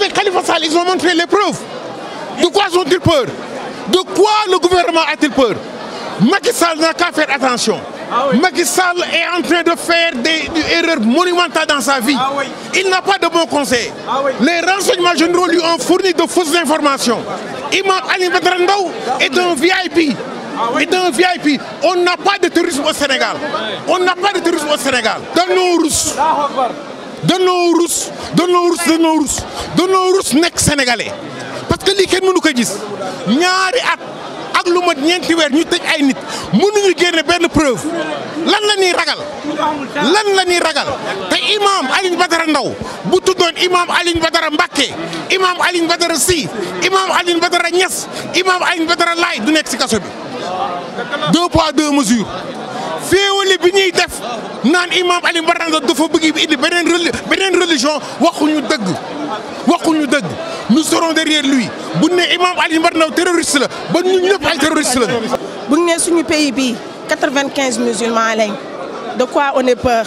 Avec Khalifa Sall, ils ont montré les preuves. De quoi ont-ils peur De quoi le gouvernement a-t-il peur Macky n'a qu'à faire attention. Ah Makissal est en train de faire des, erreurs monumentales dans sa vie. Ah Il n'a pas de bons conseils. Ah les renseignements généraux lui ont fourni de fausses informations. Imam Ali Madrandou est un VIP. Est un VIP. On n'a pas de tourisme au Sénégal. On n'a pas de tourisme au Sénégal. De nos Russes. De nos Russes. De nos De nos danoo rus nekk sénégalais parce que lii kenn mënu ko gis ñaari at ak lu mat ñeenti weer ñu tëj ay nit mënuñu génne benn preuve lan la ñuy ragal lan la ñuy ragal te imam Alioune Badara Ndao bu tuddoon imam Alioune Badara Mbacké imam Alioune Badara Sy imam Alioune Badara Niass imam Alioune Badara Laye du nekk si kaso bi deux poids deux mesures bi ñuy def naan imam Alioune Badara Ndao dafa bëgg indi beneen Les gens, waxuñu dëgg waxuñu dëgg nous serons derrière lui bu ne imam Ali Mbar Ndaw terroriste la ba ñun ñëpp ay terroriste la bu ñu nee suñu pays bii quatre musulmans lañ de quoi on est peur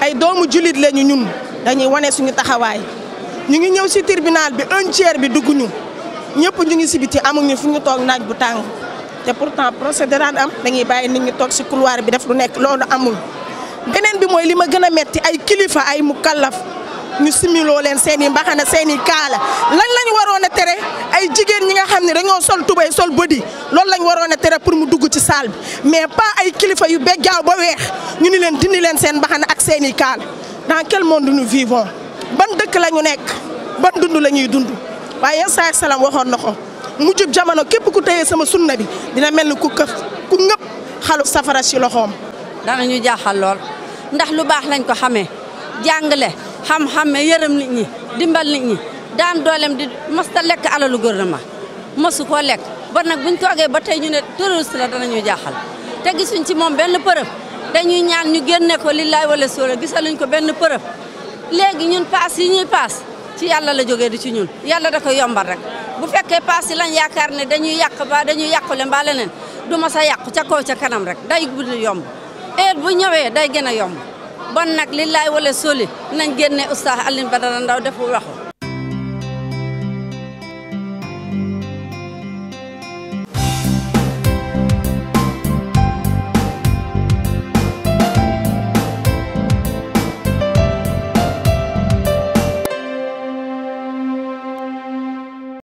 ay doomu jullit lañu ñun dañuy wane suñu taxawaay ñu ngi ñëw ci tribunal bi un tiers bi dugg ñu ñëpp ñu ngi ci biti amuñu fu ñu toog naaj bu tàng te pourtant procès de am dañuy bàyyi nit ñi toog ci couloir bi def lu nekk loolu amul. beneen bi mooy li ma gën a metti ay kilifa ay mu mukallaf ñu similoo leen seen i mbaxana seeni kaala lan lañu waroon a tere ay jigéen ñi nga xam ne dañoo sol tubay sol bëdi loolu lañ waroon a tere pour mu dugg ci saal bi mais pa ay kilifa yu bejjaaw ba weex ñu ni leen dindi leen seen mbaxana ak seeni i kaala dans quel monde nous vivons ban dëkk la ñu nekk ban dund la ñuy dund waaye yan saa salaam waxoon na ko mujjub jamono képp ku téye sama sunna bi dina mel ni ku këf ku xalu safara si loxoom. dana ñu jaaxal lool. ndax lu baax lañ ko xamee jàngale xam-xame yërëm nit ñi dimbal nit ñi daan doolem di masta lekk alalu gouvernement mësu koo lekk ba nag buñ toogee ba tey ñu ne terroriste la ñuy jaaxal te gisuñ ci moom benn preuve dañuy ñaan ñu génne ko lillaay wala sóora gisaluñ ko benn preuve léegi ñun paas yi ñuy paas ci yàlla la jógee di ci ñun yàlla da koy yombal rek bu fekkee paas yi lañ yaakaar ne dañuy yàq ba dañuy yàqule mbaa leneen du ma sa yàqu ca kaw ca kanam rek day gudd yomb heure bu ñëwee day gën a yomb bon nag li laay wala soli nañ génne Oustaz Alioune Badara Ndao def waxu